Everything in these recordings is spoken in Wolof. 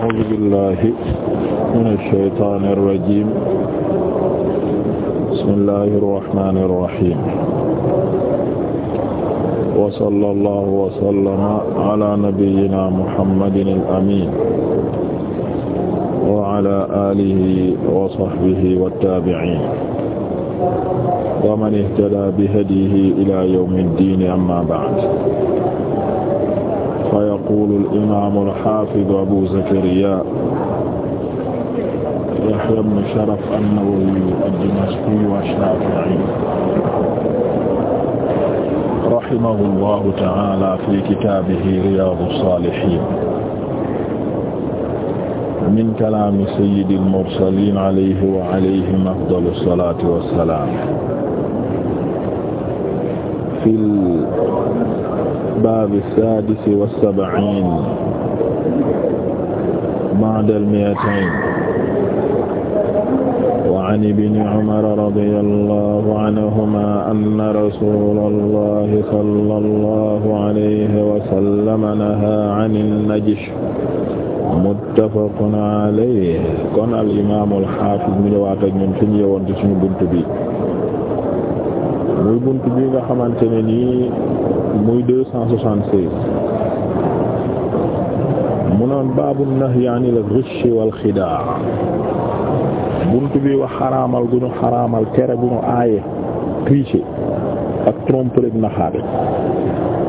أعوذ بالله من الشيطان الرجيم بسم الله الرحمن الرحيم وصلى الله وسلم على نبينا محمد الأمين وعلى آله وصحبه والتابعين ومن اهتدى بهديه إلى يوم الدين أما بعد fa yaqulu al-imaamu al-haafidu Abu Zakariyaa Yahyaa ibnu Sharaf an-Nawawi ad-Dimashqi ash-Shaafi'i rahimahu Allahu ta'aalaa fii kitaabihi Riyaadu s-Saalihiin min kalaami sayyidi al-mursaliin alayhi wa alayhim afdalu salaati wa salaam fil baabi saadisi wa sab'iin ba'dal mi'atayn wa 'an ibni Umar radiyallahu anhumaa anna rasuulallahi sallallahu alayhi wa sallam nahaa 'anin najsh muttafaqun alayhi kon al imaam al haafiz mi ñëwaat ak ñun fi ñu yewoon ci suñu buntu bi muy bunt bi nga xamante ne nii muy deux cent soixante-seize mu naan baabu nahyi anil ghish wal xidaa bunt bi wax xaraamal gu ñu xaraamal tere gu ñu aaye tricher ak tromperie naxaate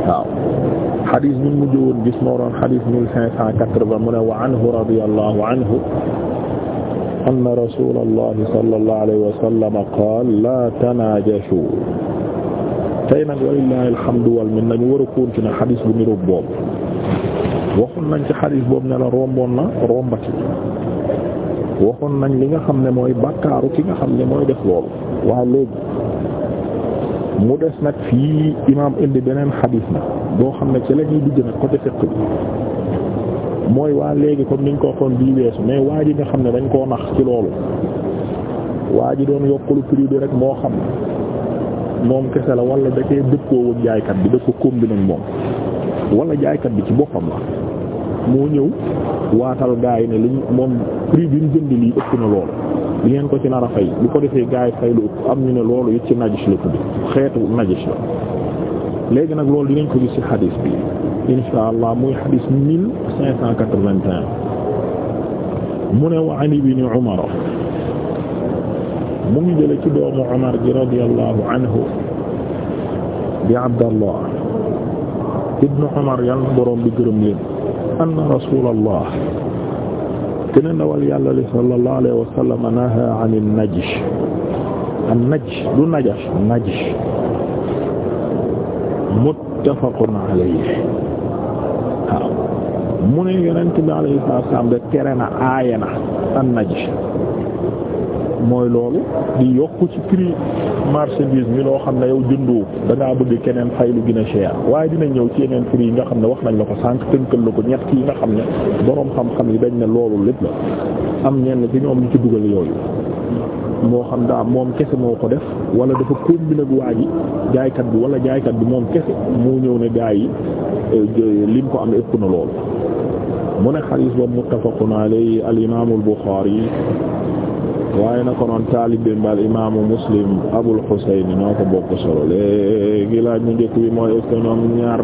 waaw xadis bi mu jëwoon gis moo doon xadis mille cinq cent quatre-vingt mu ne wa anhu radiyallahu anhu anna rasuulallahi sallallahu alayhi wa sallam qaala laa tanaajashuu tey nag walillahi alhamdu wal minna ñu war a continuer xadis bu niroog boobu waxoon nañ ci xadis boobu ne romboon na rombati waxoon nañ li nga xam ne mooy bakkaaru ki nga xam ne mooy def loolu waaw léegi mu des nag fii imaam indi beneen xadis na boo xam ne ci la ñuy digg nag côté fiqh bi mooy waa léegi comme niñ ko waxoon bii weesu mais waa ji nga xam ne dañ koo nax ci loolu waa ji doon yokkulu prix bi rek moo xam moom kese la wala da cee dëppoo ak jaaykat bi da ko combiner ak moom wala jaaykat bi ci boppam la moo ñëw waatal gaay ne liñ moom prix bi mu jënd lii ëpp na loolu li ngeen ko ci nar a fay bu ko defee gaay fay lu ëpp am ñu ne loolu it ci najis la bi xeetu najis la léegi nag loolu li ngeen ko gis ci xadiis bi insha allah muy xadiis mille cinq cent quatre-vingt-un mu ne wa bi ibn Umar mu ngi jële ci doomu Umar ji radiyallahu anhu bi Abdallah ibnu Umar yàlla na boroom bi gërëm leen anna rasulallah kene ndawal yàlla li sallallahu alayhi wa sallam naha an an-najsh an-najsh du najash najsh muttafaqun alayhi waaw mu ne yonent bi alayhi salaam de tere na aaya na an-najsh mooy loolu di yokku ci prix marchandise mi loo xam ne yow jëndoo da ngaa keneen fay lu gën a cher waaye dina ñëw ci yeneen prix yi nga xam ne wax nañ la ko sànq tënkal la ko ñett yi nga xam ne boroom xam-xam yi dañ ne loolu lépp la am ñenn ci ñoom ñu ci dugal yooyu. moo xam daa moom kese moo ko def wala dafa bi ak waa yi jaaykat bi wala jaaykat bi moom kese mu ñëw ne gaa yi euh, lim ko am ëpp na loolu mu ne xadiis ba muttafaqun alayhi al imaamul Buxaari waaye na ko noon taalibe mbal imaamu muslim abul xuseyn ñoo ko bokk solo léegi laaj mu njëkk bi mooy est-ce que ñoom ñaar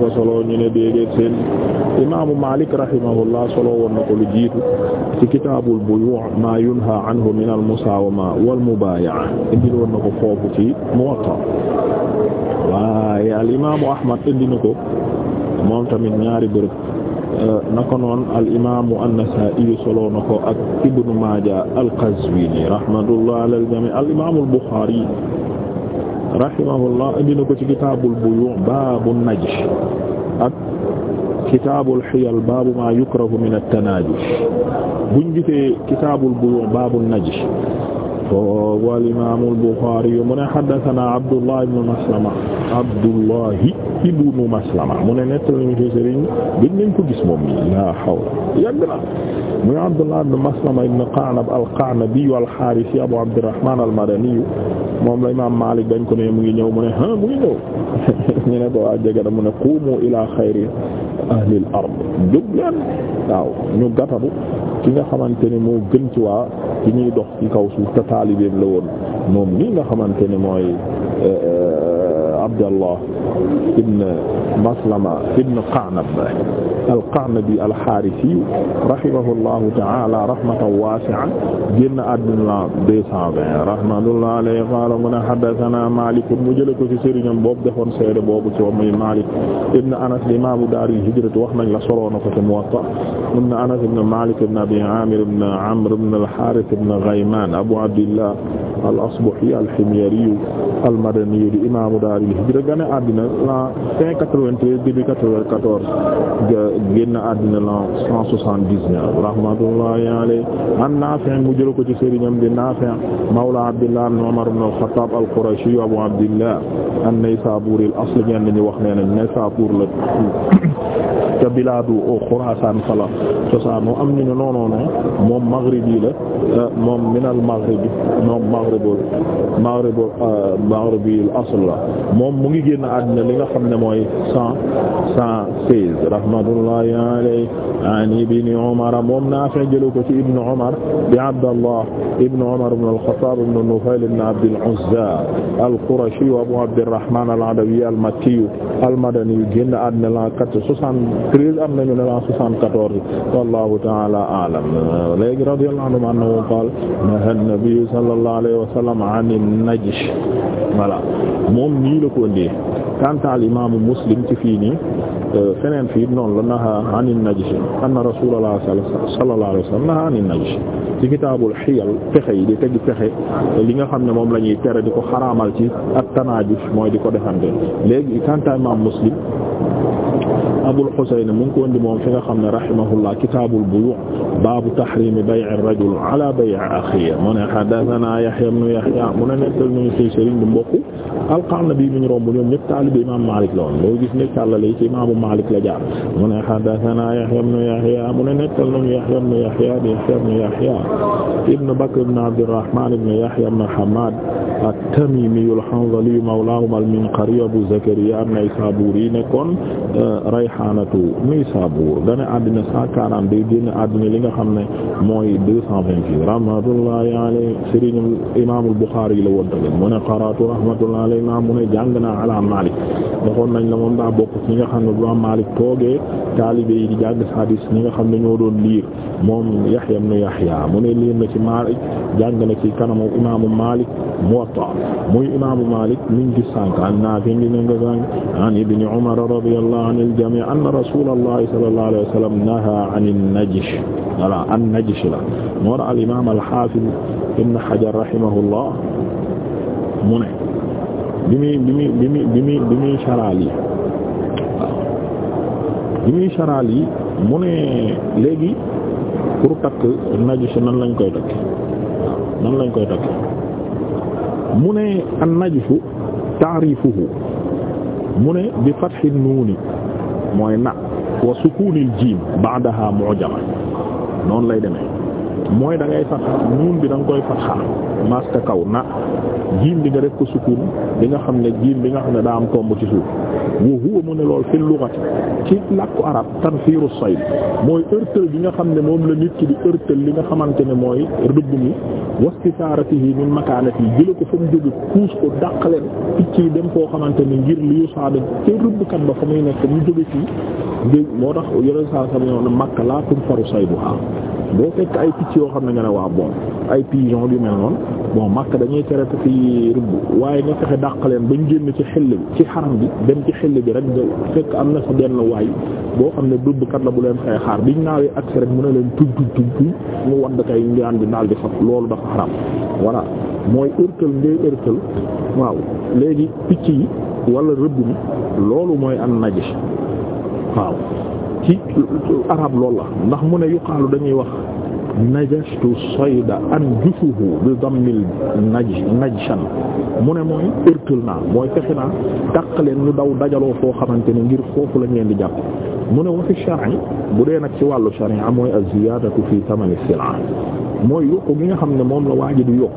ko solo ñu ne déedéet seen imaamu malik rahimahullah solo woon lu jiitu ci kitaabul buyu' ma yunha anhu min al musaawama wal mubaaya'a ko foofu ci muwatta waaye al imaamu ahmad indi na ko moom tamit ñaari bërëb Euh, naka noonu al imaamu an-Nasaa'i solo na ko ak Ibnu Maaja al-Qazwiini rahmatullahi alal jamii' al imaamu al-Buxaari rahimahullah indi na ko ci kitaabul buyuu' baabu najsh ak kitaabul xiyal baabu maa yukrahu min at-tanaajush buñ gisee kitaabul buyuu' baabu najsh ko al-imaam al-Buxaari mu ne haddasanaa Abdullahi ibnu Maslama Abdullahi ibnu Maslama mu ne nettali nañu ko sëriñ gëj nañ ko gis laa hawla yàgg na muy Abdullahi ibnu Maslama ibnu Abu Abdirrahmaan al-Madani moom la imaam Maalik dañ ne mu ngi ñëw mu ne mu ngi ñëw ñu ne waa jege mu ne quumu ilaa xayri ahlil ard jóg leen waaw ñu gàttalu ki nga xamante ne moo gën ci waa ci ñuy dox ci kaw suuf te taalibeem la woon moom nii nga xamante ne mooy euh, euh, Abdallah ibn Maslama ibn Qa'nab al-Qa'nabi al-Haarisi rahimahullahu ta'ala rahmatan waasi'atan génn àddina la 220 rahmatullahi alayhi qaala mu ne haddasanaa Maalik mu jëlee ko ci sëriñam boobu defoon seede boobu ci moom Maalik ibn Anas imaamu daar al-hijra wax nañ la solo na ko ci Muwatta ibn Anas ibn Maalik ibn Abi Aamir ibn Amr ibn al-Haarith ibn Ghaymaan Abu Abdillah al-Asbahi al-Himyari al-Madani imaamu daar Hijra àddina l'an fin quatre-vingt-treize début quatre-vingt-quatorze génn àddina l'an cent rahmatullahi alayhi an Naafi' mu jël ko ci sëriñam di Naafi' mawla Abdillah ibn Umar ibn al-Khattab al-Qurashi Abu Abdillah an-Naysaburi al-asl ñenn ñi wax nee nañ Naysabur la ca bilaadu Khurasan fala cosaano am ñu ne non non non moom maghribi la euh, moom min al maghribi moom maghribu maghribu euh, maghribi al asl la moom mu ngi génn àddina li nga xam ne mooy cent cent seize rahmatullahi alayhi an ibn Umar moom Naafi' jëlu ko ci ibn Umar bi Abdallah ibn Umar ibn al-Khattab ibn Nufayl ibn Abd al-Uzza al-Qurashi wa Abu Abdirrahman al-Adawi al-Makki al-Madani génn àddina la 73 am nañu ne la 74 wallahu ta'ala a'lam léegi radiyallahu anhu annahu qala naha an-nabi sallallahu alayhi wa sallam an an-najsh voilà moom nii la ko indee kanta al-imam Muslim ci fii nii feneen fii noonu la naha an an-najsh anna rasulullah sallallahu alayhi wa sallam naha an an-najsh ci kitaabul xiyal pexe yi di teg pexe li nga xam ne moom la ñuy tere di ko xaraamal ci at-tanaajus mooy di ko defante léegi kanta imam Muslim Abul Husayn mu ngi ko indi moom fi nga xam ne rahimahullah kitaabul buyu' baabu tahrimi bay'i rajul ala bay'i akhihi mu ne haddathana Yahya ibn Yahya mu ne nettal nañu ci sëriñ bu mbokk Alqanabi bi ñu romb ñoom ñëpp taalibe imaam Maalik la woon loo gis ne tàllale ci imaamu Maalik la jaar mu ne haddathana Yahya ibn Yahya mu ne nettal nañu Yahya ibn Yahya di Yahya ibn Yahya ibn Bakr ibn Abdirrahmaan ibn Yahya ibn Hammaad at-Tamiimi al-Hanzali mawlaahum al-Minqari Abu Zakariya an-Naysaabuuri nekkoon uh, Rayhaanatu Naysaabuur nga xam ne mooy deux cent vingt-huit rahmatullahi alayhi sëriñ imaamul Buxaari yi la woon tamit mu ne qaraatu rahmatullahi alayhi naa mu ne jàng naa ala Maalik waxoon nañ la moom daa bokk ci ñi nga xam ne bu Maalik toogee taalibe yi di jàng hadiis ñi nga xam ne ñoo doon liir moom Yahya ibn Yahya mu ne liir na ci Maalik jàng na ci kanamu imaamu Maalik Muwatta muy imaamu Maalik mi ngi sànq an Naafi' di nga sànq an Ibn Umar radiyallahu anil jamii' anna rasuulallahi sallallahu alayhi wa sallam nahaa anin najsh voilà an-Najshi la noor al-imaam al-Haafiz ibn Hajar rahimahullah mu ne bi muy bi muy bi muy bi muy bi muy saraal yi waaw bi muy saraal yi mu ne léegi pour takk Najshi nan lañ koy takk waaw nan lañ koy takk mu ne an-Najshu ta'rifuhu mu ne bi fathi nuuni mooy na wa sukuunil jiim ba'daha mu'jama noonu lay demee mooy da ngay fat nuun bi da nga koy fatxa maska kaw na jiim bi nga def ko sukun bi nga xam ne jiim bi nga xam ne daa am tomb ci suuf wa huwa mu ne lool fi lughati ci làkku arab tanfiru sayd mooy heurtal bi nga xam ne moom la nit ki di heurtal li nga xamante ne mooy rëbb mi wastisaaratihi min makaanati jële ko fa mu jóge puus ko dàq leen picc dem foo xamante ne ngir li yu saada te rëbbkat ba fa muy nekk mu jóge fii moo tax yeneen saa sa ne makka laa bu sayduha boo fekk ay picc yoo xam ne nga ne waa bon ay pigeon yu mel noonu bon makk dañuy tere ci rëbb waaye nga fexe dàq leen bañ génn ci xel bi ci xaram bi dem ci xel bi rek nga fekk am na fa benn waay boo xam ne rëbbkat la bu leen fay xaar biñ naawee agsi rek mën a leen tuj tuj tuj tuj mu wadd kay ngaan bi daal di fab loolu dafa xaram voilà mooy ërtal ngay ërtal waaw léegi picc yi wala rëbb mi loolu mooy am najis waaw ci arab loolu la ndax mu ne yuqaalu dañuy wax najashtu sayda an jufuhu bi dammil naj najshan mu ne mooy ërtal naa mooy fexe naa dàq leen ñu daw dajaloo foo xamante ne ngir foofu lañ leen di jàpp mu ne wa fi bu dee nag ci wàllu sharia amooy az-ziyaadatu fi thamani sil'a mooy yokk gi nga xam ne moom la waa ji di yokk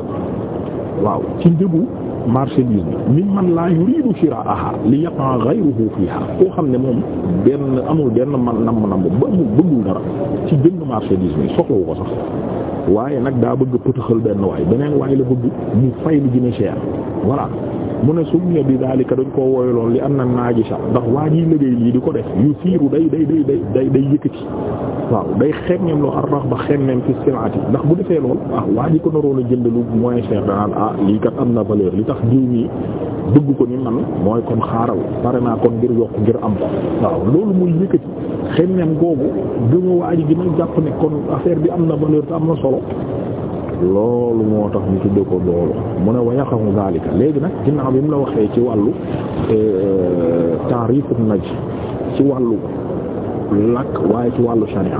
waaw ci njëgu marchandise bi min man laa yuridu shiraaha li yaqa ghayruhu fiha koo xam ne moom benn amul benn man namm namm ba amul bëggul dara ci jënd marchandise bi soxlawu ko sax waaye nag daa bëgg pëtëxal benn waay beneen waay la bëgg mu fay lu gën a cher voilà mu ne suñu bi daalika dañ koo woyloon li am na naajisa ndax waa jiy liggéey lii di ko def yu siiru day day day day day yëkkati waaw day xemmeem loo ar rax ba xemmeem fi silati ndax bu defee lool ah waa ji ko naroon a jënd lu moins cher danaan ah lii kat am na valeur li tax jiw nii bëgg ko ni man mooy kon xaaral pare naa kon ngir yokk ngir am ko waaw loolu muy yëkkati xemmeem googu gën a waa ji jàpp ne kon affaire bi am na valeur te am na solo loolu moo tax ñu tudd ko loolu mu ne wa yaqamu daalika léegi nag ginnaaw bi mu la waxee ci wàllu euh, taarifun naj ci wàllu làkk waaye ci wàllu sharia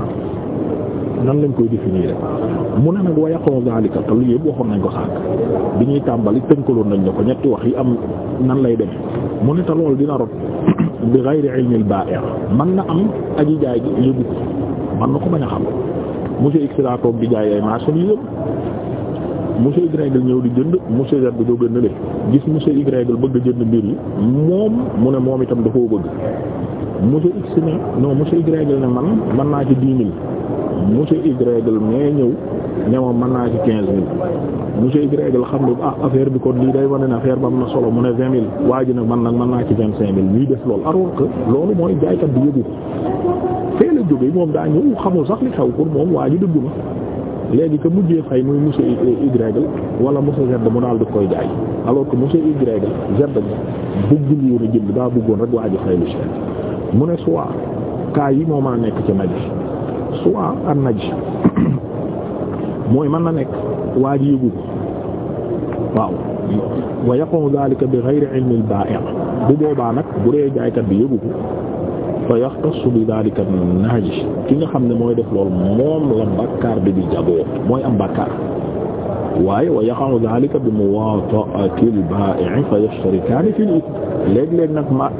nan lañ koy définir mu ne nag wa yaqoo zalika te lu yëpp waxoon nañ ko sànq bi ñuy tàmbali tënkaloon nañ ne ko ñetti wax yi am nan lay demee mu ne te loolu dina rot bi ghayri ilmi al man na am aji jaay gi yëgu ko man na ko bañ a xam monsieur X daa toog di jaay ay marché bi yëpp monsieur Y ñëw di jënd monsieur Z bi doo gën le gis monsieur Y bëgg a jënd mbir yi moom mu ne moom itam dafoo bëgg monsieur X ne non monsieur Y ne man mën naa ci dix mille monsieur Y mais ñëw ne moom mën naa ci quinze mille monsieur Y xam ne ah affaire bi kon lii day wane ne affaire ba am na solo mu ne vingt mille waa ji nag man nag mën naa ci vingt cinq mille ñuy def loolu alors que loolu mooy jaaykat bi yëgu fee la jógee moom daa ñëw xamul sax li xew pour moom waa ji léegi que mujjee fay muy monsieur Y wala monsieur Z mu daal di koy jaay alors que monsieur Y Z bëggul daa bëggoon rek waa ji fay lu cher mu ne soit cas yi moo ma nekk ci naj soit ak naj mooy mën na nekk waa ji yëgu ko waaw wa yaqumu dhalika bi ghayri ilmi al bu boobaa nag bu dee jaaykat bi yëgu ko fa yaxtassu bi daalika naaj ki nga xam ne mooy def loolu moom la bàkkaar bi di jagoo mooy am bàkkaar waaye wa yaqa'u daalika bi muwaata'ati al-baa'i fa yashtarikaani fil ithm léeg-léeg nag ma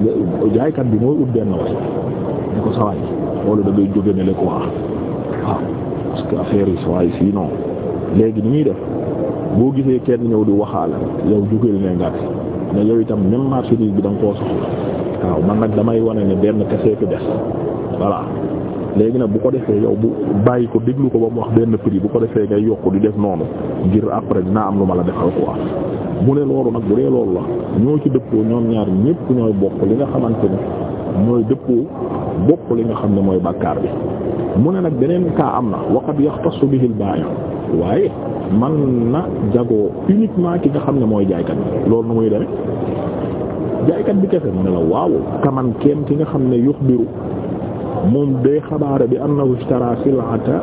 jaaykat bi mooy ut benn waay di ko sawaay loolu da ngay jóge ne le quoi waaw parce que affaire yi sawaay sinon léegi ni ñuy def boo gisee kenn ñëw di waxaala yow jógeel ne nga ne yow itam même marchandise bi da nga koo soxla. waaw man nag damay wane ne benn kese fi des voilà léegi nag bu ko defee yow bu bàyyi ko déglu ko ba mu wax benn prix bu ko defee ngay yokk di def noonu ngir après dinaa am lu ma la defal quoi mu ne loolu nag bu dee loolu la ñoo ci dëppoo ñoom ñaar ñépp ñooy bokk li nga xamante ne ñooy dëppoo bokk li nga xam ne mooy bàkkaar bi mu ne nag beneen kaa am na waqad yaxtassu bihi al-baa'i' waaye man na jagoo uniquement ki nga xam ne mooy jaaykat loolu nu muy demee jaaykat bi kese mu ne la waaw man kenn ki nga xam ne yuxbiru moom day xabaare bi annahu ishtara sil'ata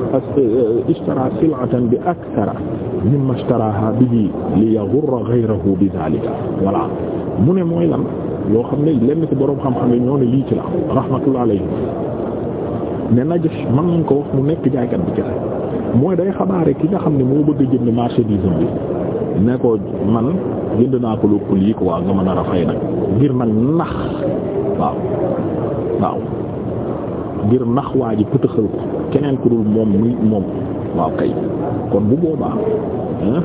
ishtara sil'atan bi akthara mimma ishtaraha bihi li yaghurra ghayrahu bi dhalika voilà mu ne mooy lan loo xam ne lenn ci boroom xam-xam ñoo ne lii ci la rahmatullah alayhi ne najëf mën nañ ko mu nekk jaaykat bi mooy day xabaare ki nga xam ne moo bëgg a jënd bi ne ko man jënd naa ko lépp lii quoi nga mën a rafay nag ngir nag nax waaw waaw ngir nax waa ji pëtëxal ko keneen ku dul moom muy moom waaw kay kon bu boobaa hein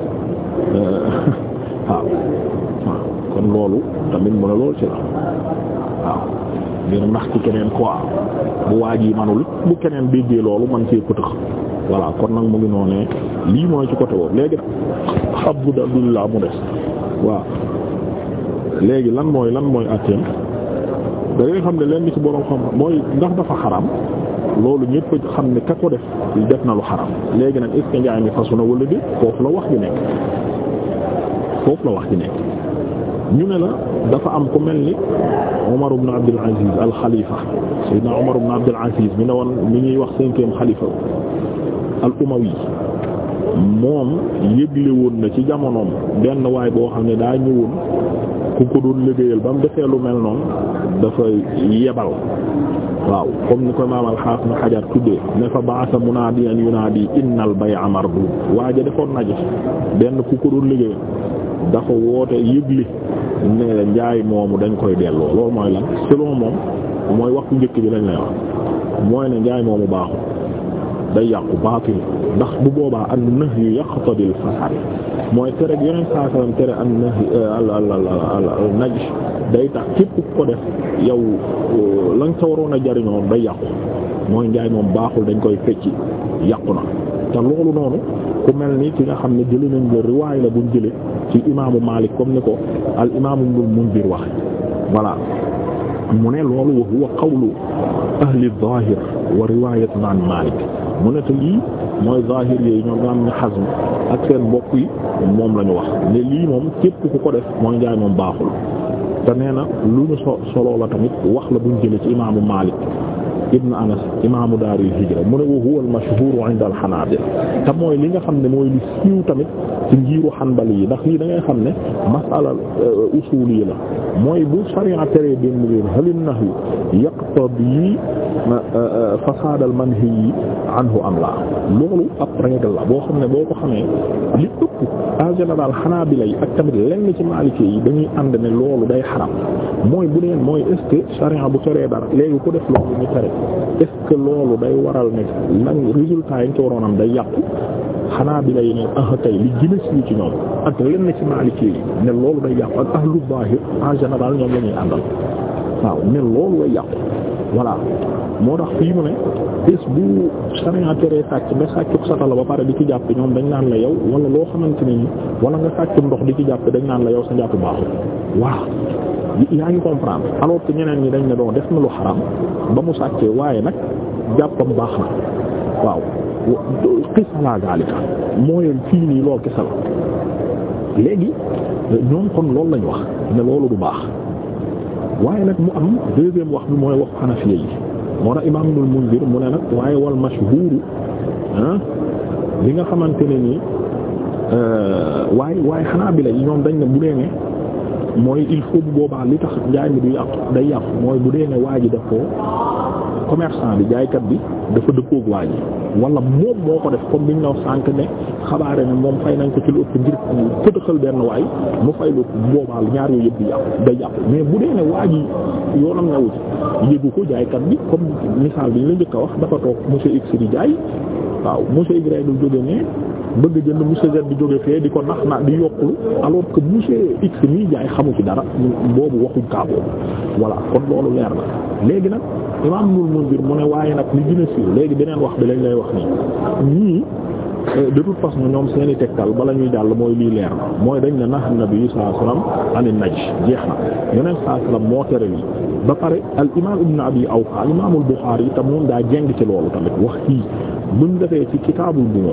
euh, waaw kon loolu tamit mu ne loolu ci la waaw ngir nax ci keneen quoi bu waa ji manul bu keneen déggee loolu man cee pëtëx voilà kon nag mu ngi noonee lii mooy ci côté woowu léegi nag abdoulah mu des. waaw léegi lan mooy lan mooy atteem da ngay xam ne lenn ci boroom xam mooy ndax dafa xaram loolu ñëpp xam ne ka ko def def na lu xaram léegi nag est-ce que njaay mi fasu na di foofu la wax ji nekk foofu la wax ji nekk ñu ne la dafa am ku mel ni Omar ibn Abdul Aziz al xalifa Seydina Omar ibn Abdul Aziz mi ne woon mi ñuy wax cinquième xalifa al umawi moom yëgle woon na ci jamonoom benn waay boo xam ne daa ñëwoon ku ko doon liggéeyal ba mu defee lu mel noonu dafa yebal waaw comme ni ko maamal xaas na xajar tuddee ne fa baasa munaadiyan yunaadi innal bay'a mardud waaja defoon naje benn ku ko doon liggéeyal dafa woote yëgle ne njaay moomu dañ koy delloo loolu mooy lan selon moom mooy waxtu njëkk bi lañ lay wax mooy ne njaay moomu baaxul day yàqu baatil ndax bu boobaa an nahyu yaqtadi al fasad mooy tere yeneen saa salaam tere an nahyu al al al al naj day tax képp ko def yow la nga sa waroon a jariñoo day yàqu mooy njaay moom baaxul dañ koy fecci yàqu na te loolu noonu ku mel ni ki nga xam ne jëli nañ la riwaay la bu jële ci imaamu Maalik comme ni ko al imaamu Ibnul Munzir wax voilà mu ne loolu wa huwa qawlu ahli zaahir wa riwaayatun an Maalik mu ne te lii mooy zahir yooyu ñoom ñoo am ñu xasm ak seen mbokk yi moom la ñu wax ne lii moom képp ku ko def mooy njaay moom baaxul. te nee na lu ñu so soloo la tamit wax la buñ jëlee ci imaamu Maalik ibn Anas imaamu daaril hijra mu ne wa huwa al-mashhuur 'inda al-Hanaabila te mooy li nga xam ne mooy li siiw tamit ci njiiru Hanbali yi ndax lii dangay xam ne masala euh, usuul yi la mooy bu sariya tere benn mbir hal an-nahyu yaqtadi Euh, euh, fasaadal manhi anhu am la loolu ab règle la boo xam ne boo ko xamee li ëpp en général Hanaabila yi ak tamit lenn ci Maliki yi dañuy ànd ne loolu day xaram mooy bu neen mooy est-ce bu teree dara léegi ku def loolu ñu tere est-ce que loolu day waral ne lan résultat yi ñu ci waroon am day yàqu Hanaabila yi ne ah tey li gën a siiw ci ñoom ak lenn ci Maliki yi ne loolu day yàqu ak ahlu zaahir en général ñoom la ñuy àndal waaw ne loolu day yàqu voilà moo tax fii mu ne bés bu sharia tere sàcc nga sàccub satala ba pare di ci jàpp ñoom dañ naan la yow wala loo xamante ne ni wala nga sàccub ndox di ci jàpp dañ naan la yow sa jàpp baaxul waaw yaa ngi comprendre alors que ñeneen ñi dañ ne doon def na lu xaram ba mu sàccee waaye nag jàppam baax na waaw xisalaa daalika mooy fii nii lool kese léegi ñoom kon loolu lañ wax ne loolu du baax waaye nag mu am deuxième wax bi mooy wax xanafiya yi moo tax imaam Ibnul Munzir mu ne nag waaye wal mashhuur ah li nga xamante ne nii euh, waaye waaye xanaa bi la ñoom dañ ne bu dee ne mooy il faut bu li tax njaay mi du yàqu day yàqu mooy bu dee ne waa ji daf koo commerçant bi jaaykat bi dafa dëppoog waa ji wala moom moo ko def comme liñ la wax sànq ne xabaare ne moom fay nañ ko ci lu ëpp ngir pëtëxal benn waay mu fay lu boobaa ñaar yooyu yëpp di yàqu day bu dee ne waa ji yoonam newu ci yëgu ko jaaykat bi comme misaal bi ñu la njëkk a wax dafa toog monsieur X di jaay waaw monsieur Y du jóge ne bëgg jënd monsieur Z di jóge fee di ko nax na di yokkulu alors que monsieur X mii jaay xamu ci dara boobu waxuñ kaa boobu voilà kon loolu leer na léegi nag imam nul munzir mu ne waaye nag li gën a siiw léegi beneen wax bi lañ wax nii ñii euh, de toute façon ñoom seen i tegtal bala ñuy jàll mooy lii leer na mooy dañ ne nax nabi sallallahu alayhi wasallam ani naj jeex na yeneen sallallahu alayhi wasallam moo tere lii ba pare al imam ibn abi awfa imamul Bukhari te moom daa jeng ci loolu tamit wax kii buñ defee ci kitaabul buñu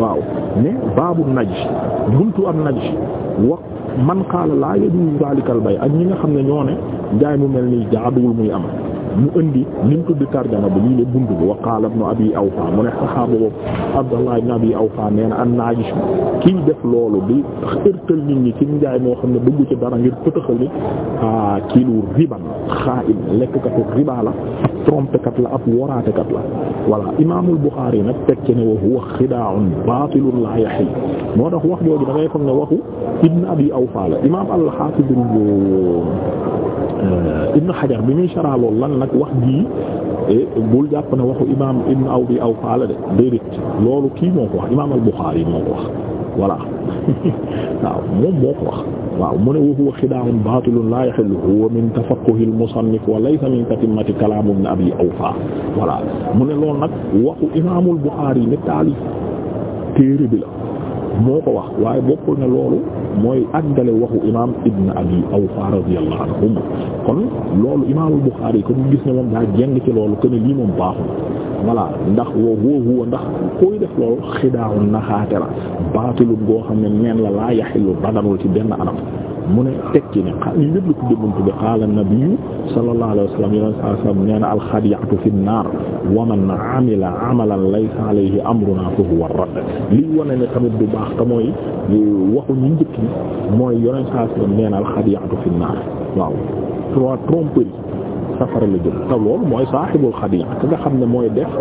waaw ne baabu naj buntu am naj wa man qaala laa yajuuzu zaalikal bay ak ñi nga xam ne ñoo ne njaay mu mel ni jaaduwul muy am mu indi li mu tudd tarjama bi lii la bunt bi wa qaala ibn abi awfa mu ne saxaaba boobu abdallah ibn abi awfa nee na an naagisu kiy def loolu bi ërtal nit ñi ci njaay moo xam ne dugg ci dara ngir pëtëxal nit a kiilu riban xaa'in lekkatu riba la ab trompekat la ab woraatekat la voilà imaamul Buxaari nag teg ne wa huwa xidaa'un baatilun laa yi moo tax wax jooju da ngay xam ne waxu ibn abi awfa la imaam al-Haafiz ibn euh, Hajar bi muy saraalool lan nag wax jii e bul jàpp ne waxu imaam ibn aw bi aw faala de déedéet loolu kii moo ko wax imaam al Buxaari moo ko wax voilà waaw moom moo ko wax waaw mu ne wa huwa xidaa'un baatilun laa yahillu huwa min tafaqquhi al-musannif wa laysa min tatimmati kalaam ibn abi awfa voilà mu ne loolu nag waxu imaamul Buxaari ne taalif téere bi la moo ko wax waaye bokkul ne loolu mooy àggale waxu imaam ibn abi awfa radiyallahu anhum kon loolu imaamul Buxaari yi ko gis ne moom daa jeng ci loolu que ne lii moom baaxul voilà ndax woo woo ndax koy def loolu xidaawu naxaate la baatilu goo xam ne neen la laa yaxilu daganul ci benn anam mu ne teg ci ne xaal yëpp bi qaala nabiyu sallallahu fi naar wa man amila amalan ne tamit du baax te mooy waxu ñu njëkk ñi mooy yonent wa fi naar waaw waa tromperie safara la jëm te loolu mooy saaxibul xadi'a ka nga xam ne mooy def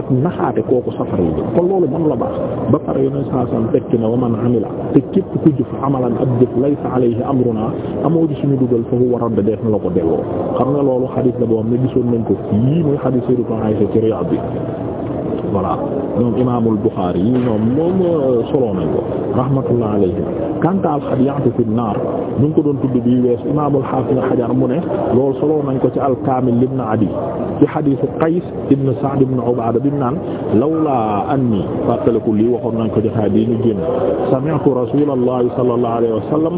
ak naxaate kooku safara la jëm kon loolu mën la baax ba pare yeneen saa san tekki na wa man amila te képp ku jëf amalan ak jëf laysa alayhi amruna amoo ji suñu dugal fa huwa radd def na la ko delloo xam nga loolu xadiis la boo xam ne gisoon nañ ko fii muy xadiis Sayyidatu Aysa ci Riyaad bi voilà ñoom imaamul Buxaari yi ñoom moom solo nañ ko rahmatullah alayhi kanta al xadiatu fi naar ñu ngi ko doon tudd bi wees imaamul xaafis na xajar mu ne loolu solo nañ ko ci alkaamil ibn adi ci xadiisu qays ibn sa'd ibn ubaada bi naan lawla anni fàttaliku lii waxoon nañ ko jotaay bii ñu génn sami'tu rasuulallahi sallallahu alayhi wa sallam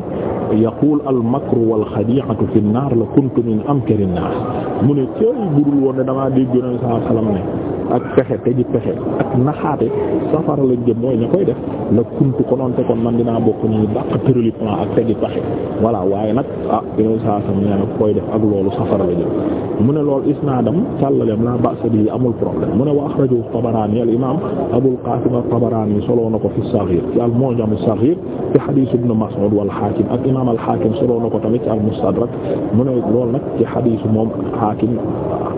yaqul al makru wal xadiatu fi naar la kuntu min amkari nnaas mu ne tey budul woon ne damaa dégg yonent sallallahu alayhi wa sallam ne ak pexe te di pexe ak naxaate safara la jëm mooy ña koy def la kuntu kononte kon man dinaa bokk ñu dàq tërali plan ak te di pexe voilà waaye nag ah yow saa sam nee koy def ak loolu safara la jëm mu ne loolu isnaadam càllalem la ba'sa a amul problème mu ne wa axrajahu Tabaraani al imaam Abul Qaasim at-Tabaraani soloo na ko fi Saxiir ci al Mu'jam as-Saxiir ci xadiis Ibn Mas'ud wal Xaakim ak imaam al Xaakim soloo na ko tamit ci al Mustadrak mu ne loolu nag ci moom Xaakim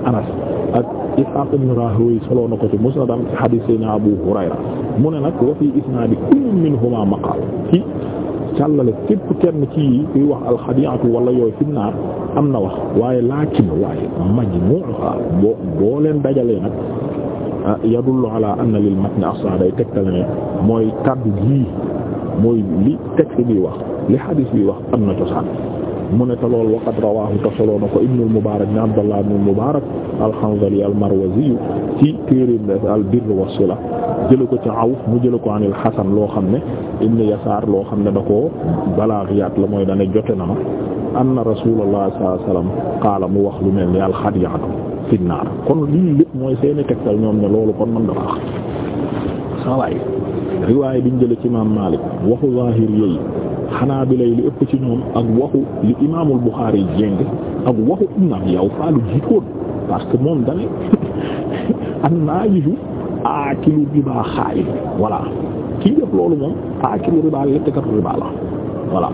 Anas Isxaaq ibn Raahawayh solo na ko ci musnadam ci hadiis Seydina Abu Hurayra mu ne nag wa fii isnaadi kullin minhumaa maqaal ci càllale képp kenn ci kuy wax alxadiatu wala yooyu fi am na wax waaye laakin waaye majmuuha boo boo leen dajalee nag ah, yadullu ala anna lil matni asla day tegtal ne mooy kàddu gi mooy li texte bi wax li hadiis bi wax am na cosaan mu ne te loolu rawaahu te solo na ko Ibnul Mubaarak ne Abdallah ibnul Mubaarak al-Hanzali al-Marwazi ci téereem al-Birr was-Sila jëlee ko ca xaw mu jëlee ko anil Hasan loo xam ne ibn Yasaar loo xam ne da koo balaaxiyaat la mooy dana jote na ma anna Rasuulullah sallallahu alayhi wasallam mu wax lu mel ni al-xadi'atu fi naar kon lii lépp mooy seeni tegtal ñoom ne loolu kon man dafa wax saa waay riwaay biñ jëlee ci Imaam Maalik waxu zaahir yooyu. xanaa bi lay li ëpp ci ñoom ak waxu li imaamul Buxaari jéng ak waxu imam parce que moom dane an naajisu aakilu riba xaayil voilà kii def loolu moom aakilu riba lekkat riba la voilà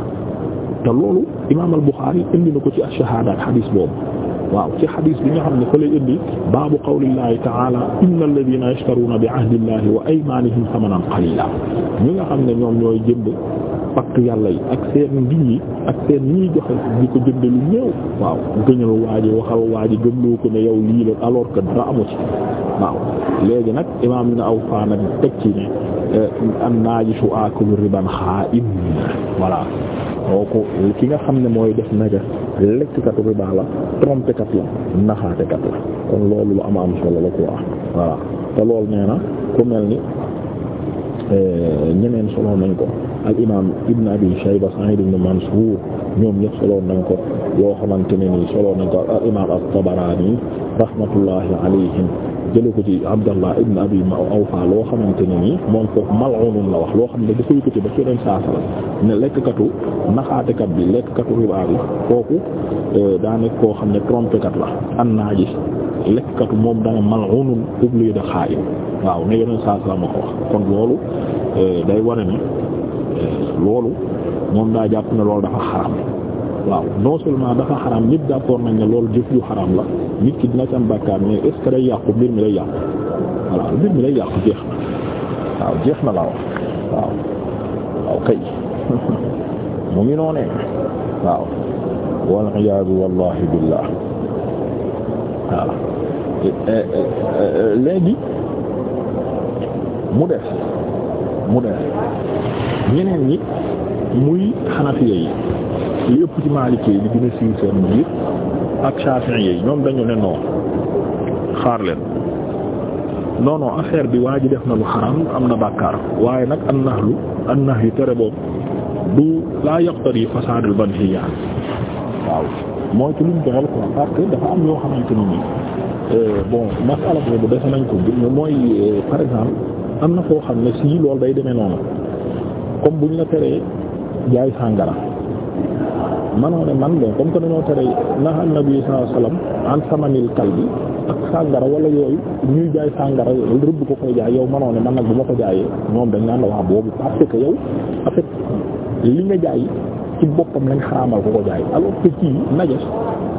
te loolu imaamul Buxaari indi na ko ci ash-shahaadaat xadiis boobu waaw ci xadis bi nga xam ne fa lay indi baabu qawlillahi ta'ala innal ladina yashtaruna bi ahdillahi wa aymanihim thamanan qalila ñi nga xam ne ñoom ñooy jënd pacte yàlla yi ak seen ngiñ yi ak seen ñii joxe di ko jënd lu néew waaw gëñal waaji waxal waaji gëmloo ko ne yow lii la alors que dara amu ci waaw léegi nag imaam na aw faana teg ci ne eh, an naajishu akulu riban xaa'in voilà kooku ki nga xam ne mooy def naga lekkatu riba la trompekat la naxaatekat la kon loolu lu am am solo la quoi voilà te loolu nee na ku mel ni eh, ñeneen solo nañ ko al imaam Ibn Abi Shayba Sa'id ibn Mansur ñoom ñëpp solo nañ ko yoo xamante ne nii solo nañ ko al imaam at-Tabarani rahmatullahi alayhim jële ko ci Abdallah ibn Abi Awfa loo xamante ne nii moom foofu mal'unun la wax loo xam ne dafa yëkkati ko ci yeneen saa salaam ne lekkkatu naxaatekat bi lekkkatu riba bi kooku euh, daa koo xam ne trompekat la an najis lekkkatu moom dana mal'unun waaw ne yeneen saa ko wax kon loolu euh, day wane ne euh, loolu moom daa jàpp ne loolu dafa xaram waaw non seulement dafa xaraam ñëpp d'accord nañ ne loolu jëf yu xaraam la nit ki dina ci am bàkkaar mais day yàqu mbir mi day yàqu voilà mbir mi day yàqu jeex na waaw jeex na la waaw waaw kay mu ngi noonee waaw wal iyaadu wallahi billah waaw eh, eh, eh, léegi mu def mu def ñeneen ñi muy xanafiya yi li ëpp ci Maliki yi dina siiw seen mbir ak Shafi'i yi ñoom dañu ne non xaar leen non non affaire bi waa ji def na lu xaram am na bàkkaar waaye nag an lu an yu tere boobu du laa yaqtari fasaad al-manhiyya waaw mooy ci luñ doxal quoi parce que dafa am yoo xamante ne nii euh, bon masala boobu defe nañ ko mooy euh, par exemple am na koo xam ne sii lool day demee noonu comme buñ la teree jaay sàngara manoo ne man bon comme que dañoo tere naha nabi sallallahu alayhi wasallam an samanil kalbi ak sàngara wala yooyu ñuy jaay sàngara rëbb ko koy jaay yow manoo ne man nag bu ma ko jaayee ñoom dañ naan la wax boobu parce que yow en li nga jaay ci boppam lañ xaraamal ko ko jaay alors que kii najas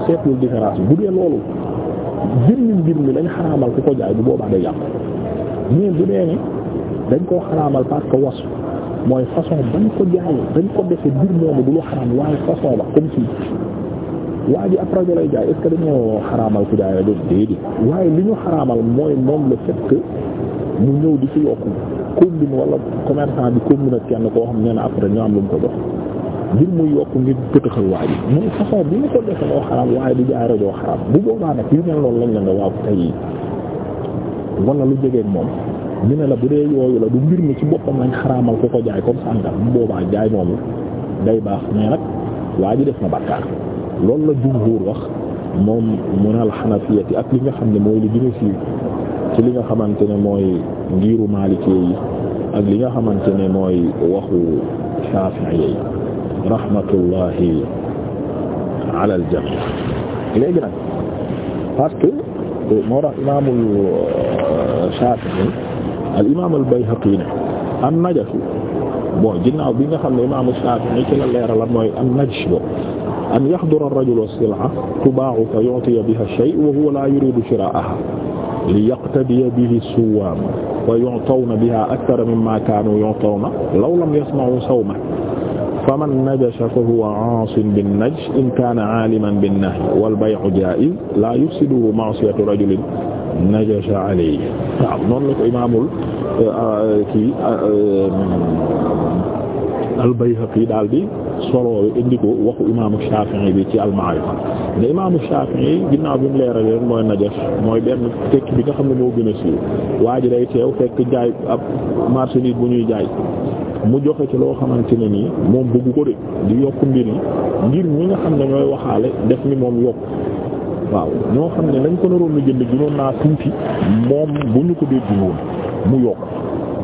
seetul différence bu dee loolu jëmmi mbir mi lañ xaraamal ko ko jaay bu boobaa day yàq mais bu dee ne dañ koo xaraamal parce que mooy façon bañ ko jaayee dañ ko defe mbir moomu du lu xaram waaye façon ba comme si waa ji après lay jaay est ce que dañoo xaraamal ku jaay la doon déedéet waaye li ñu xaraamal mooy moom le fait que mu ñëw di ci yokku combine wala commerçant bi combine ak kenn koo xam ne na après ñoo am lu mu ko jox ngir muy yokk ngir pëtëxal waa ji mooy façon bi ñu ko defe loo xaram waaye du jaay rajoo xaram bu boobaa yu mel loolu lañ la nga waaw tey wala lu jegeen moom ñu ne la bu dee yooyu la du mbir mi ci boppam lañ xaraamal ko ko jaay comme sàngal bu boobaa jaay moomu day baax mais nag waa def na bàkkaar loolu la jumhuur wax moom mun al xanafiyati ak li nga xam ne mooy li gën a siiw ci li nga xamante ne mooy ngiiru maalikee yi ak li nga xamante ne mooy waxu Shaafi'i yi rahmatullahi ala al jami léegi nag parce que moo tax imaamul euh, Shaafi'i al imaam al Bayhaqi ne an najasu bon ginnaaw bi nga xam ne imaamu Shaafi'i ci la leeralal mooy an najsh bo an yahdura ar-rajulu as-sil'a tubaa'u fa yu'tiya biha ash-shay'a wa huwa laa yuriidu shiraa'aha li yaqtadiya bihi as-suwaam wa yu'tawna biha akthara mimmaa kaanuu yu'tawna law lam yasma'uu sawmahu faman najasha fa huwa 'aasin bin-najsh in kaana 'aaliman bin-nahy wal bay'u jaa'iz laa yufsiduhu ma'siyatu rajulin najasa alayhi waaw noonu la ko imaamul euh, kii euh, al-Bayhaqi daal di solo indi ko waxu imaamu Shafi'i bi ci al-Ma'rifa ne imaamu Shafi'i ginnaaw bi mu leeralee mooy najas mooy benn tekki bi nga xam ne moo gën a siiw waa ji day teew fekk jaay ab marchandise bu ñuy jaay mu joxe ci loo xamante ne nii moom bëggu ko de di yokk mbir yi ngir ñi nga xam ne ñooy waxaale def ni moom yokk. waaw ñoo xam ne lañ ko naroon lu jënd gënoon naa tuuti moom bu ñu ko dégg woon mu yokk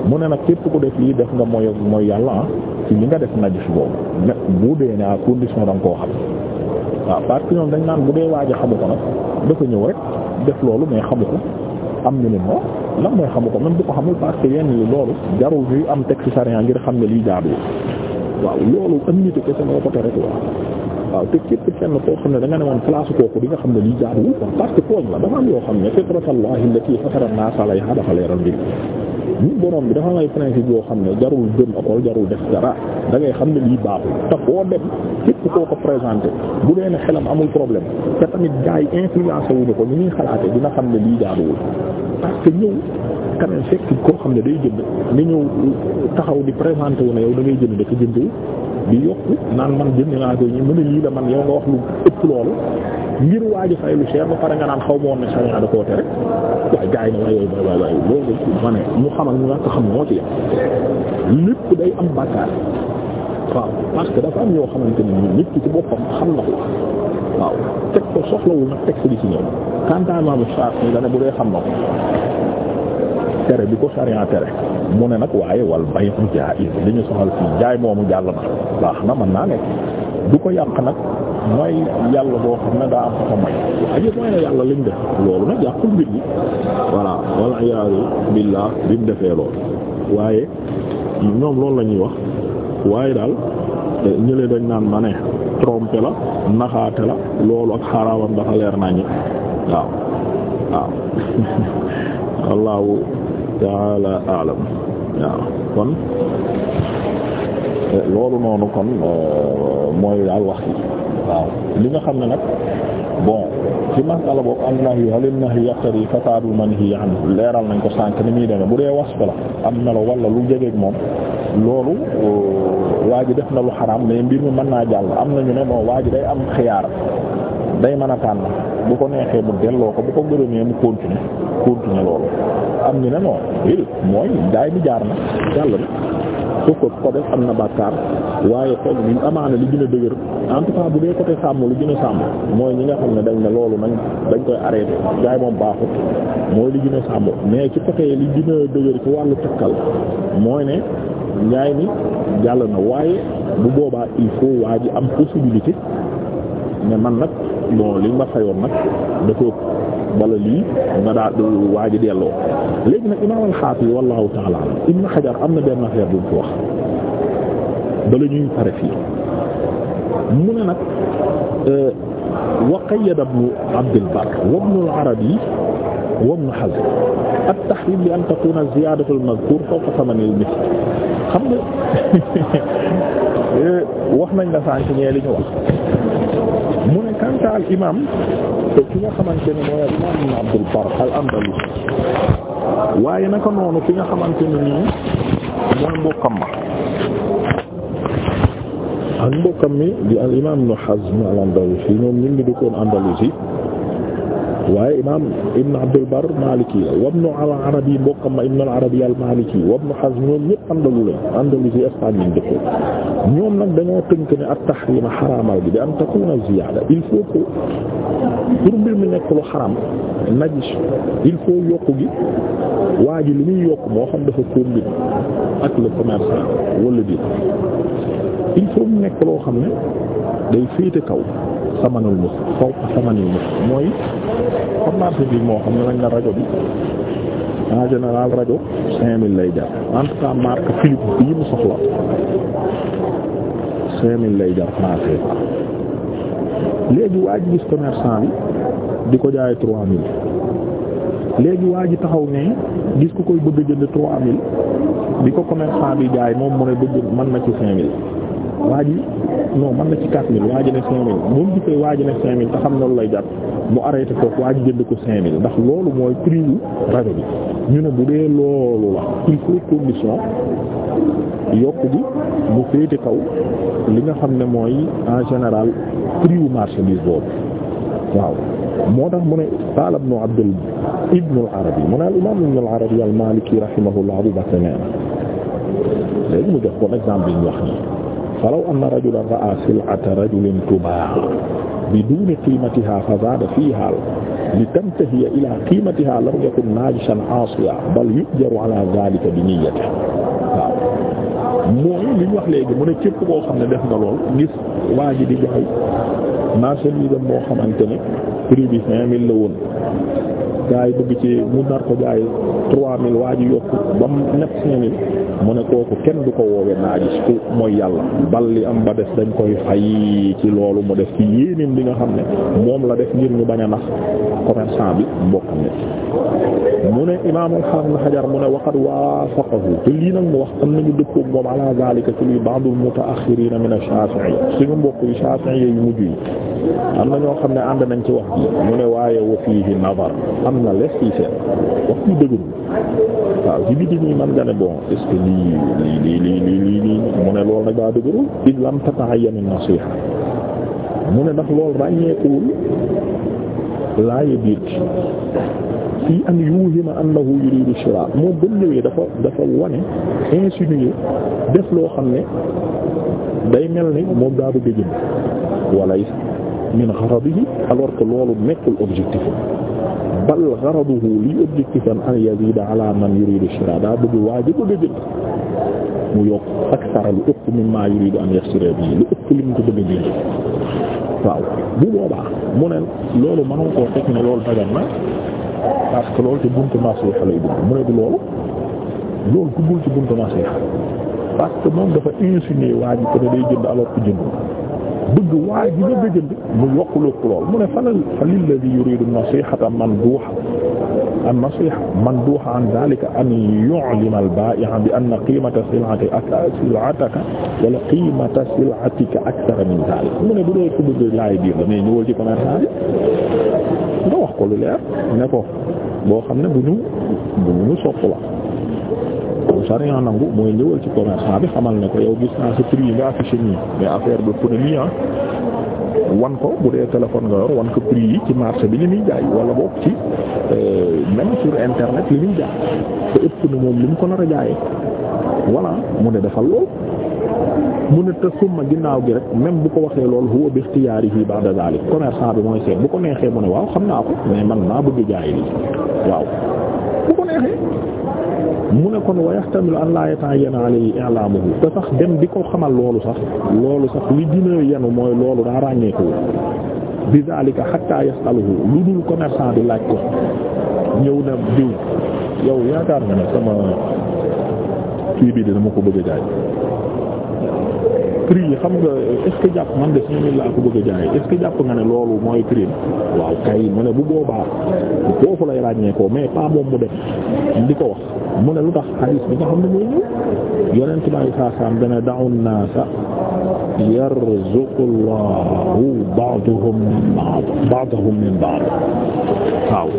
mu ne nag képp ku def lii def nga mooy mooy yàlla ah ci li nga def najis boobu mais bu dee ne à condition da nga koo waaw parce ñoom dañ naan bu dee waaj a xamu ko nag dafa ñëw rek def loolu mais xamu ko am ñu ne non lan mooy xamu ko même bu ko xamul parce que yenn li loolu jarul ñuy am texte sariya ngir xam ne lii jaaduwul waaw loolu am nit kese moo ko tere quoi. waaw te képp kenn koo xam ne da nga ne woon place kooku di nga xam ne lii jaaduwul quoi parce que tooñ la dafa am yoo xam ne fitratallahi allati fatara an-nasa alayha dafa bi ñu borom bi dafa may principe yoo xam ne jarul dem école jarul def dara da ngay xam ne lii baaxul te koo dem képp koo ko bu dee ne xelam amul problème te tamit gaa yi influencé wuñu ko ni ñuy xalaate dina xam ne lii jaaduwul parce que ñëw quand fekk koo xam ne day jënd ni ñëw taxaw di présenté wu yow da ngay jënd dafa jënd di yokku naan man jënd naa ko ñu mën a lii la man yow nga wax lu ëpp loolu ngir waaj fay lu cher ba pare nga naan xaw ma woon ne sariya da koo tere waaye gars yi ne waaye waaye ma ne mu xamal ñu nga ko xam moo ci lépp day am bàkkaar waaw parce que dafa am ñoo xamante ne nii nit ki ci boppam xam na ko waaw teg ko soxlawul nag teg ko di ci ñëw quant à Imam ne bu dee xam na ko. tere bi ko sharia tere mu ne nag waaye wal bay'u jaa'iz li ñu soxal fii jaay moomu jàll na baax na man naa nekk du ko yàq nag mooy yàlla boo xam ne daa am ko may aji mooy na yàlla liñ bi mu defee loolu waaye ñoom loolu la ñuy wax daal ñële dañ naan ma ne tromper la naxaate la loolu ak xaraamam dafa leer nañu waaw waaw wallaahu taala alam waaw kon eh, loolu noonu kon eh, mooy daal wax yi waaw li nga xam ne nag bon ci masala boobu an nahyu halil nahyu yaqtari fasadul manhi anhu leeral nañ ko sànk ni muy demee bu dee wasf la am melo wala lu jegeeg moom loolu eh, waa ji def na lu xaraam mbir mi mën naa jàll am nañu ne non waa ji day am xiyaar day mën a tànn bu ko neexee bu delloo ko bu ko gërëmee mu continuer continuer loolu am ñu ne non il mooy daay bi jaar na jàll na sauf que ko def am na bàkkaar waaye xool ñu amaana li gën a dëgër en bu dee sàmm lu gën a sàmm mooy ñi nga xam ne dañ ne loolu nañ dañ koy arrêté jaay moom baaxut mooy li gën a sàmm mais ci côté li gën a dëgër ci wàllu takkal mooy ne njaay mi jàll na waaye bu boobaa il faut waa ji am possibilité ne man nag bon li nga fayoon nag dafa ëpp bala lii nga daa waa ji delloo léegi nag imaam al-Xaafis wallahu ta'ala Ibn am na benn affaire bu mu fi wax bala ñuy pare fii mu ne nag euh, wa qayyada ibn Abd al-Barr wa ibn al-Arabi wa ibn Hazm at-tahrim bi an takuna ziyadatu al-mazkur fawqa thaman al-misk nga euh, wax nañ la sànq ñee li ñu wax mu ne kanta al imam ki nga xamante ni mooy al imam ibn Abdul Barr al Andalusi waaye naka noonu ki nga xamante ne nii mooy mbokkam ma ak mbokkam mi di al imam ibn Hazm al Andalusi ñoom ñu ngi dëkkoon Andalusi waaye imaam Ibn Abdul Barr Maliki la wa ibnu al Arabi mbokkam ma ibnu al Arabi al Maliki wa ibnu Hazm ñoom ñëpp andalu lañ Andalusi Espagne lañ dëkk ñoom nag dañoo tënk ne ak taxriima xaraamal bi di am takuna ziyaada il faut que pour mbir mi nekk lu xaram najis il faut yokku gi waa ji li muy yokk moo xam dafa combine ak le commerçant wala bi il faut mu nekk loo xam ne day féete kaw. samanul mus fawqa mooy commerce bi moo xam ne nañ la rajo bi en général rajo cinq mille lay jar en tout cas marque Philips bii mu soxla cinq mille lay jar français léegi waa ji gis commerçant bi di ko jaay trois mille léegi waa ji taxaw ne gis ku koy bëgg jënd trois mille di ko commerçant bi jaay moom mu ne bëgg mën na ci cinq mille waa ji non man na ci 4000 waa ji ne 5000 moom gisee waa ji ne 5000 te xam loolu lay jàpp mu arrêté foofu waa ji jënd ko 5000 ndax loolu mooy prix wu rajo bi ñu ne bu dee loolu la il faut condition kaw li nga xam ne mooy en général prix wu marchandise boobu waaw moo tax mu ne qaala ibnu Abdul ibnu al-Arabi mu ne al imaam ibnu al-Arabi al-Maliki rahimahullah Abu Bakr nee léegi mu jox ko exemple yi ñu wax falaw anna rajulan ra'a sil'ata rajulin tubaax bi duuni qiimatihaa fa zaada fiihaa litantahiya ilaa qiimatihaa lam yakun naajisan aasiyan bal yu'jaru alaa zaalika bi niyyatihi waaw mooy li ñu wax léegi mu ne képp koo xam ne def nga lool gis waa ji di jaay marché bi dem moo xamante ne prix bi 5000 la woon. gaa yi bëgg ci mu nar ko jaay trois mille waa ji yokku ba mu nekk si mu ne kooku kenn du ko woowe naajis ku mooy yàlla bal li am ba des dañ koy fay ci loolu mu def ci yéenéem li nga xam ne moom la def ngir ñu bañ a nax commerçant bi mbokk nit mu ne imaamul xaam na xajar mu ne waqad waafaqahu te lii nag mu wax am nañu dëppoo moom ala zalika ci luy ba'dul mutaaxiriina min ash-shafi'i suñu mbokk yu shafi'i yu mujj yi am na ñoo xam ne ànd nañ ci wax mu ne waaye wa fiihi nazar am na les ci seet wax ci dëggul waaw ci biti nii man nga ne bon est ce lii lii lii lii mu ne loolu nag daa dëggul id lam tata'ayyan an-nasiha mu ne ndax loolu ràññeekuwul laaye biir ci fii an yuhima annahu yuridu shira moom ba ñëwee dafa dafa wane insinuer def loo xam ne day mel ni moom daa bëgg jënd wala min gharabihi alors que loolu nekk objectif bal gharaduhu li objectif an yazida ala man yuridu daa bëgg waa jënd mu yokk ak sara lu ëpp mimma yuridu an yashira bi lu ëpp lim ko bëgg a waaw bu boobaa mu ne loolu mënoon koo teg ne loolu dagan na parce que loolu ci buntu maslaha lay dugg mu ne di loolu loolu duggul ci buntu maslaha parce que moom dafa insinuer waa ji que ne day jënd alors que bëgg waaye ji nga jënd mu yokk lépp lool mu ne falal lilladi yuridu nasihata manduha an nasiha manduha an dhalika an yu'lima al-ba'i'a bi anna qiimata sil'ati ak sil'ataka wala qiimata sil'atika akthara min dhalik mu ne bu dee ku bëgg laay biir la mais ñëwal ci commerçant bi nga wax ko lu leer ne ko boo xam ne bu ñu bu ñu sopp la ko sharia nangu mooy ñëwal ci commerçant bi xamal ne ko yow gis naa sa prix yi nga affiché nii mais affaire de pneu nii ah wan ko bu dee téléphone nga yor wan ko prix yi ci marché bi li muy jaay wala boog ci euh, même sur internet li muy jaay te ëpp na moom li mu ko nar a jaayee voilà mu ne defal lool mu ne te summa ginnaaw gi rek même bu ko waxee loolu huwa bi ixtiyaarihi ba'da zalik commerçant bi mooy seet bu ko neexee mu ne waaw xam naa ko mais man naa bëgg jaay mu ne kon wa yahtamilu an la yata'ayyana alayhi i'lamuhu te sax dem di ko xamal loolu sax loolu sax li dina yenu mooy loolu daa ràññeeku bi daalika hatta yasaluhu lu dul commerçant bi laaj ko ñëw na diw yow yaakaar nga ne sama kii bi dama ko bëgg a prix yi xam nga jàpp man de cinq mille laa ko bëgg a jaay est-ce jàpp nga ne loolu mooy prix waaw kay mu ne bu boobaa foofu lay ràññee ko mais pas moom mu def di ko wax mu ne lu tax hadis bi nga xam ne mooy ñëw yonent bi saa saam dana da'u naasa yarzuqu Allahu ba'dahum min ba'd ba'dahum waaw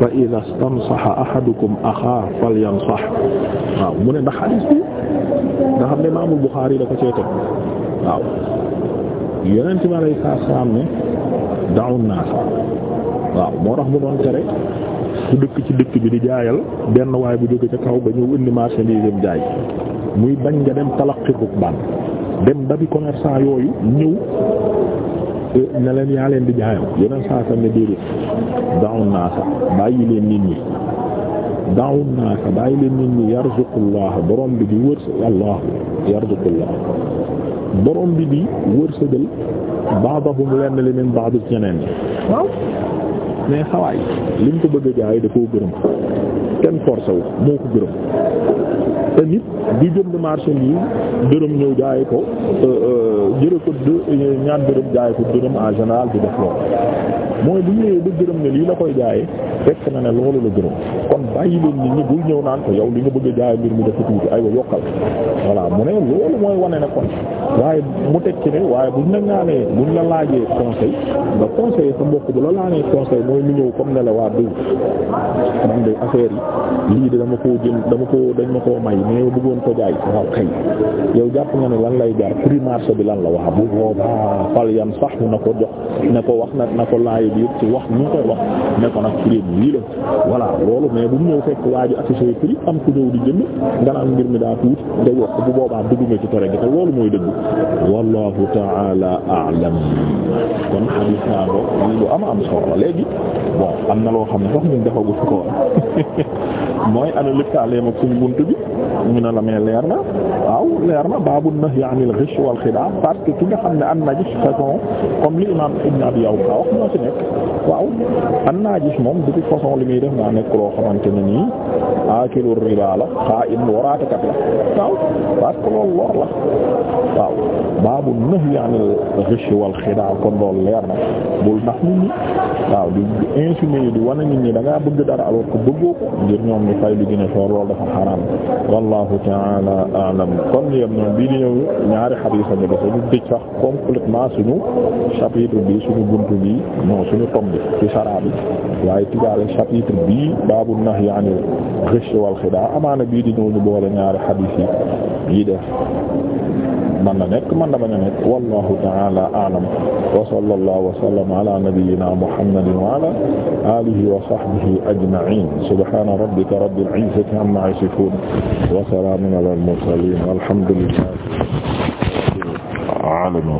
fa ida stansaha ahadukum axaa falyansax waaw mu ne ndax xadiis bi nga xam ne Imaamul Buxaari da ko cee teg waaw yonent bi alayhi salaam ne da'u waaw moo tax mu doon tere su dëkk ci dëkk bi di jaayal benn waay bu jóge ca kaw ba ñëw indi marchandise am jaay muy bañ nga dem talaqi rukbaan dem dabi commerçant yooyu ñëw ne leen yaa leen di jaayam yeneen saa sa ne déedéet daaw naa sa bàyyi leen nit ñi daaw naa sa bàyyi leen nit ñi yarzuqullah borom bi di wërsëg allah yarzuqullah borom bi di wërsëgal ba'dahum lenn li min ba'd ñeneen waaw mais xawaay liñ ko bëgg a jaay da koo gërëm kenn forcé moo ko gërëm. te nit di jënd marchandise dërëm ñëw jaay ko euh, euh, jërë ko ñaar dërëm jaay ko dërëm en général di def loolu mooy bu ñëwee ba gërëm ne lii la koy jaayee fekk na ne loolu la gërëm kon bàyyi leen nit ñi bul ñëw naan ko yow li nga bëgg a jaayee mbir mi dafa tuuti aywa yokkal voilà mu ne loolu mooy wane ne kon waaye mu teg ne waaye buñ la ñaanee buñ la laajee conseil nga conseil sa mbokk bu la laajee conseil mooy la waa dégg man de affaire yi lii de dama ko jël dama koo dañ ma ko may mais yow bëggoon ko jaay waaw kay jàpp nga ne lan lay jaar prix bi lan la wax bu boobaa fal yan sax na ko jox na ko wax na ko laaj lay biir ci wax ñu koy wax ne ko nag prix bi lii la voilà loolu mais bu mu ñëw fekk waa ji affiché prix am ku ñëw di jënd nga naan mbir mi daa tuuti nga yokk bu boobaa dugg nga ci tere gi te loolu mooy dëgg wallahu ta'ala a'lam kon xadiis naa lu am am solo léegi bon am na loo xam ne sax ñun dafa gudd ko mooy ana lëkkaaleem ak suñu bunt bi ñu ne la mais leer na waaw leer na baabu nahyi anil ghish wal xidaa parce que ki nga xam ne an najish façon comme li imam Ibn Abi Yawka wax moo ci nekk waaw an naa gis moom de toute façon li muy nekk loo xamante ne nii akilu riba la xaa in ka la waaw parce que loolu lor la waaw baabu nahyi anil ghish wal xidaa kon loolu leer na bul nax nit ñi waaw di ñi da ngaa dara alors que bëggoo ko ngir ñoom ñu fay lu gën a soor loolu dafa xaraam wallahu ta'ala a'lam kon ñu yem bii di ñëw ñaari xadiis ñu def ñu tëj sax complètement suñu chapitre bi suñu buntu bi non suñu tome ci sara bi waaye tigaale chapitre bii baabu nahyi anil ghish wal xidaa amaana bii di ñëw ñu boole ñaari xadiis yi yi def mën na nekk mën na bañ a nekk wallahu ta'ala a'lam wa sallallahu wa sallam ala nabiyyina muhammadin wa ala alihi wa sahbihi ajma'in subhana rabbika rabbil izzati amma yasifun wa salamun ala al mursalin walhamdulillahi rabbil alamin